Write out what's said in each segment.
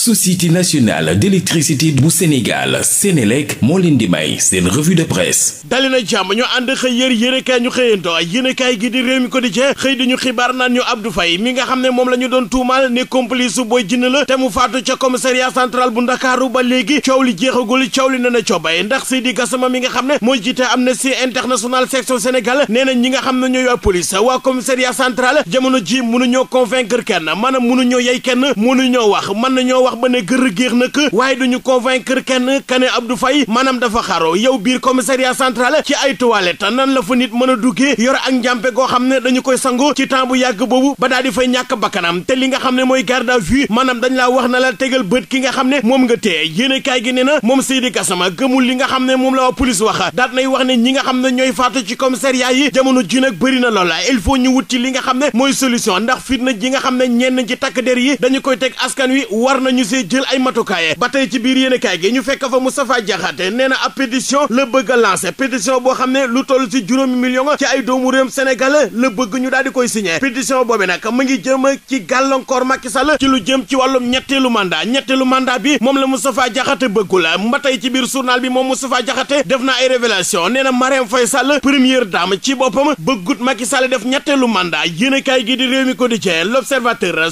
société nationale d'électricité bu Sénégal Sénélec moo leen di may seen revue de presse dali na jàmm ñu ànd xëy yër yéenekaay ñu xëyanto yéenekaay gi di Rewmi Quotidien xëy di ñu xibaar naan ñu Abdou Faye mi nga xam ne moom la ñu doon tuumaal ne complice su Boy Djiné la te mu faatu ca commissariat central bu Ndakaaru ba léegi coow li jeexagul coow li na na coobay ndax Seydi Gassama mi nga xam ne mooy jiite Amnesty International section Sénégal nee nga xam ne ñooy waa police waa commissariat central jamono ji mënu ñoo convaincre kenn maanaam mënu ñoo yey kenn mënu ñoo wax mën na ñoo wax wax ba ne gër géex nag waaye duñu convaincre kenn kane Abdou fay maanaam dafa xaro yow biir commissariat central ci ay toilette nan la fa nit mën a duggee yor ak njàmpe goo xam ne dañu koy sangu ci temps bu yàgg boobu ba daal di fay ñàkk bakkanam te li nga xam ne mooy garde à vue maanaam dañ laa wax na la tegal bët ki nga xam ne moom nga téye yéene kaay gi nee na moom Seydi Gassama gëmul li nga xam ne moom la waa police wax daat nay wax ne ñi nga xam ne ñooy faatu ci commissariat yi jamono ji nag bëri na loola il faut ñu wut ci li nga xam ne mooy solution ndax fitna ji nga xam ne ñenn ci takk der yi dañu koy teg askan wi war nañu ñu see jël ay matukaay ba tey ci biir yéenekaay gi ñu fekk fa Moustapha Diakhaté nee na ab pétition la bëgg a lancé boo xam ne lu toll ci juróomi million ci ay doomu réewum Sénégal la bëgg ñu daal di koy signé pétition boobu nag mu ngi jëm ci gàllankoor Macky Sall ci lu jëm ci wàllum ñetteelu mandat ñetteelu mandat bi moom la Moustapha Diakhaté bëggul ba tey ci biir journal bi moom Moustapha Diakhaté def na ay révélation nee na Marème Faye Sall première dame ci boppam bëggut Macky Sall def gi di Rewmi Quotidien L'Observateur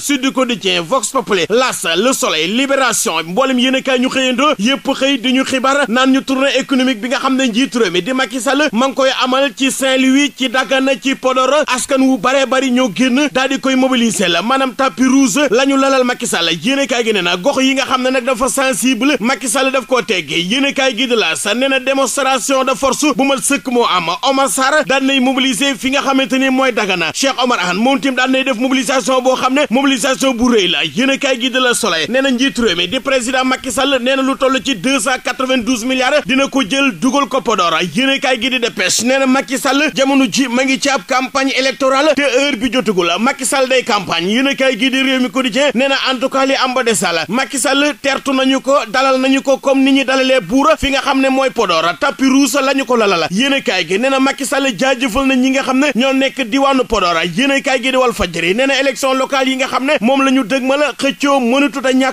soleil libération mboolem yéen a kaay ñu xëyandoo yépp xëy di ñu xibaar naan ñu tournée économique bi nga xam ne njiitu réew mi di Macky Sall ma ngi koy amal ci Saint-Louis ci Dagana ci Podor askan wu bare bari ñoo génn daal di koy mobiliser la maanaam tapis rouge la ñu lalal Macky Sall yéen gi nee na gox yi nga xam ne nag dafa sensible Macky Sall daf koo teggi yéen kaay gi de la sa nee na démonstration de force bu ma sëkk moo am Omar Sarr daan nay mobiliser fi nga xamante ni mooy Dagana Cheikh Omar Anne moom tim def mobilisation boo xam ne mobilisation bu rëy la yéen a la soleil nee na njiitu réew mi di président Macky Sall nee na lu toll ci deux cent quatre-vingt-douze dina ko jël dugal ko Podor yéene kaay gi di dépêche nee na Macky Sall jamono ji ma ngi ci ab campagne électorale te heure bi jotagul Macky Sall day campagne yéene kaay gi di réew mi quotidien nee na en tout cas li am ba la Macky tertu nañu ko dalal nañu ko comme ni ñu dalalee buura fi nga xam ne mooy Podor tapis rouge lañu ko lala la yéene kaay gi nee na Macky Sall jaajëfal na ñi nga xam ne ñoo nekk diwaanu Podor yéene kaay gi di Walf Fadjri nee na élection yi nga xam ne moom la ñu dëgmal xëccoo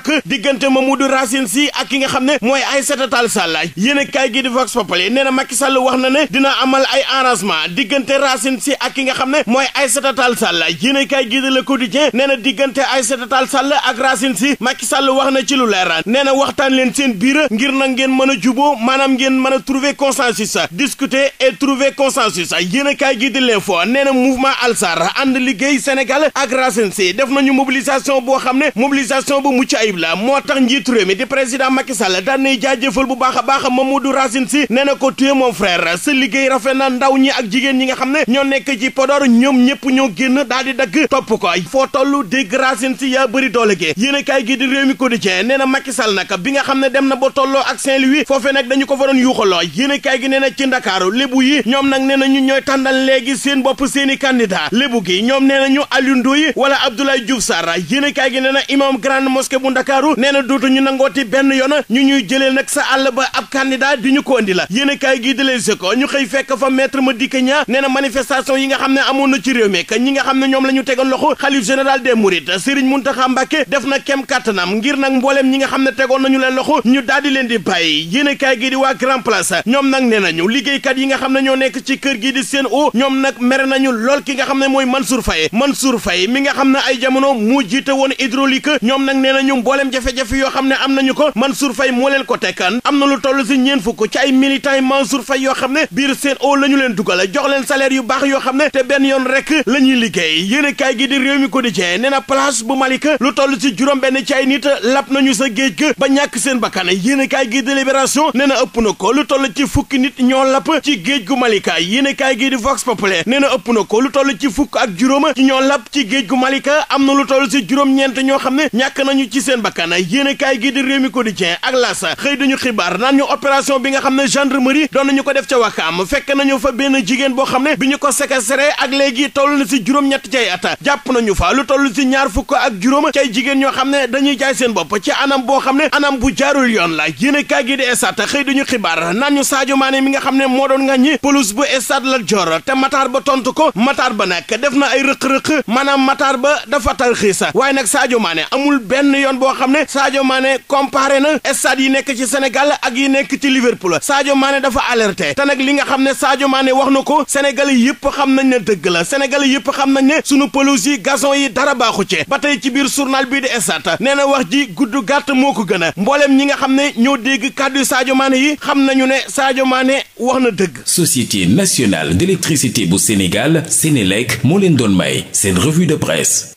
ñàkk diggante Mamadou Racine si ak ki nga xam ne mooy Aïssata Tall Sall yéen a kaay gi di Vox Populi nee na Macky Sall wax na ne dina amal ay arrangement diggante Racine si ak ki nga xam ne mooy ay Tall Sall yéen a kaay gi di Le Quotidien nee na diggante Aïssata Tall Sall ak Racine si Macky Sall wax na ci lu leer nee na waxtaan leen seen biir ngir na ngeen mën a jubo maanaam ngeen mën a trouver consensus discuter et trouver consensus yéen a kaay gi di L'Info nee na mouvement Alsar ànd liggéey Sénégal ak Racine Sy def nañu mobilisation boo xam ne mobilisation bu mucc ayib la moo tax njiitu réew mi di président Macky Sall daan nay bu baax a baax Mamadou Racine Sy nee na ko tuye mon liggéey rafet ndaw ñi ak jigéen ñi nga xam ne ñoo nekk ci Podor ñoom ñëpp ñoo génn daal di dagg topp ko foo tollu dégg Racine yaa bëri doole gi yéen a gi di réew mi quotidien nee na Macky Sall nag bi nga xam ne dem na ba tolloo ak Saint-Louis foofee nag dañu ko fa doon yuuxaloo yéen a gi nee na ci Ndakaaru lébu yi ñoom nag nee na ñu ñooy tàndal léegi seen bopp seeni a kaay gi Ndakaaru nee na dootu ñu nangooti benn yoon ñu ñuy jëlee nag sa àll ba ab candidat di ñu ko andi la yéen kaay gii di Les Échos ñu xëy fekk fa maître Madické Niang nee na manifestation yi nga xam ne amoon na ci réew mi ñi nga xam ne ñoom la ñu tegoon loxo xalif général des Mourides Serigne Mountakha Mbacké def na kem kàttanam ngir nag mbooleem ñi nga xam ne tegoon nañu leen loxo ñu daal di leen di bàyyi yéen a kaay gii di waa Grand Place ñoom nag nee nañu liggéeykat yi nga xam ne ñoo nekk ci kër gii di seen o ñoom nag mere nañu lool ki nga xam ne mooy Mansour Faye Mansour Faye mi nga xam ne ay jamono mu jiite woon hydraulique ñoom nag nee nañu mbooleem jafe-jafe yoo xam ne am nañu ko Mansour Faye moo leen ko tekkan am na lu toll si ñeen fukk ci ay militants yi yoo xam ne biir seen o la ñu leen dugale jox leen salaire yu baax yoo xam ne te benn yoon rek la ñuy liggéey yéen kaay gi di réew mi quotidien ne na place bu Malika lu toll si juróom benn ci ay nit lap nañu sa géej ga ba ñàkk seen bakkan yéen kaay gi di libération nee na ëpp na ko lu toll ci fukki nit ñoo lapp ci géej gu Malika yéen kaay gi di Vox Populi nee na ëpp na ko lu toll ci fukk ak juróom ñoo lapp ci géej gu Malika am na lu toll si juróom-ñeent ñoo xam ne ñàkk nañu ci seen bakkan yéene kaay gi di Rewmi Quotidien ak L'As xëy duñu xibaar naan ñu opération bi nga xam ne gendarmerie doon nañu ko def ca Wakaam fekk nañu fa benn jigéen boo xam ne bi ñu ko séquestré ak léegi toll na si juróom-ñett cay at jàpp nañu fa lu toll si ñaar fukk ak juróom cay jigéen ñoo xam ne dañuy jaay seen bopp ci anam boo xam ne anam bu jaarul yoon la yéene kaay gi di Stades xëy ñu xibaar naan ñu Sadio Mané mi nga xam ne moo doon ngaññi police bu Stade Ba tontu ko Matar Ba nag def na ay rëq-rëq maanaam Matar Ba dafa tarxiisa waaye nag Sadio Mané amul benn yoon boo xam ne Sadio Mané comparé na stade yi nekk ci Sénégal ak yi nekk ci Liverpool Sadio Mané dafa alerté te nag li nga xam ne Sadio Mané wax na ko Sénégalais yëpp xam nañ ne dëgg la Sénégalais yëpp xam nañ ne sunu pelouse yi gazon yi dara baaxu ci ba tey ci biir journal bii di stade nee na wax ji gudd gàtt moo ko gën a mbooleem ñi nga xam ne ñoo dégg kàddu Sadio Mané yi xam nañu ne Sadio Mané wax na dëgg. Société nationale d'électricité bu Sénégal Sénélec moo leen doon may seen revue de presse.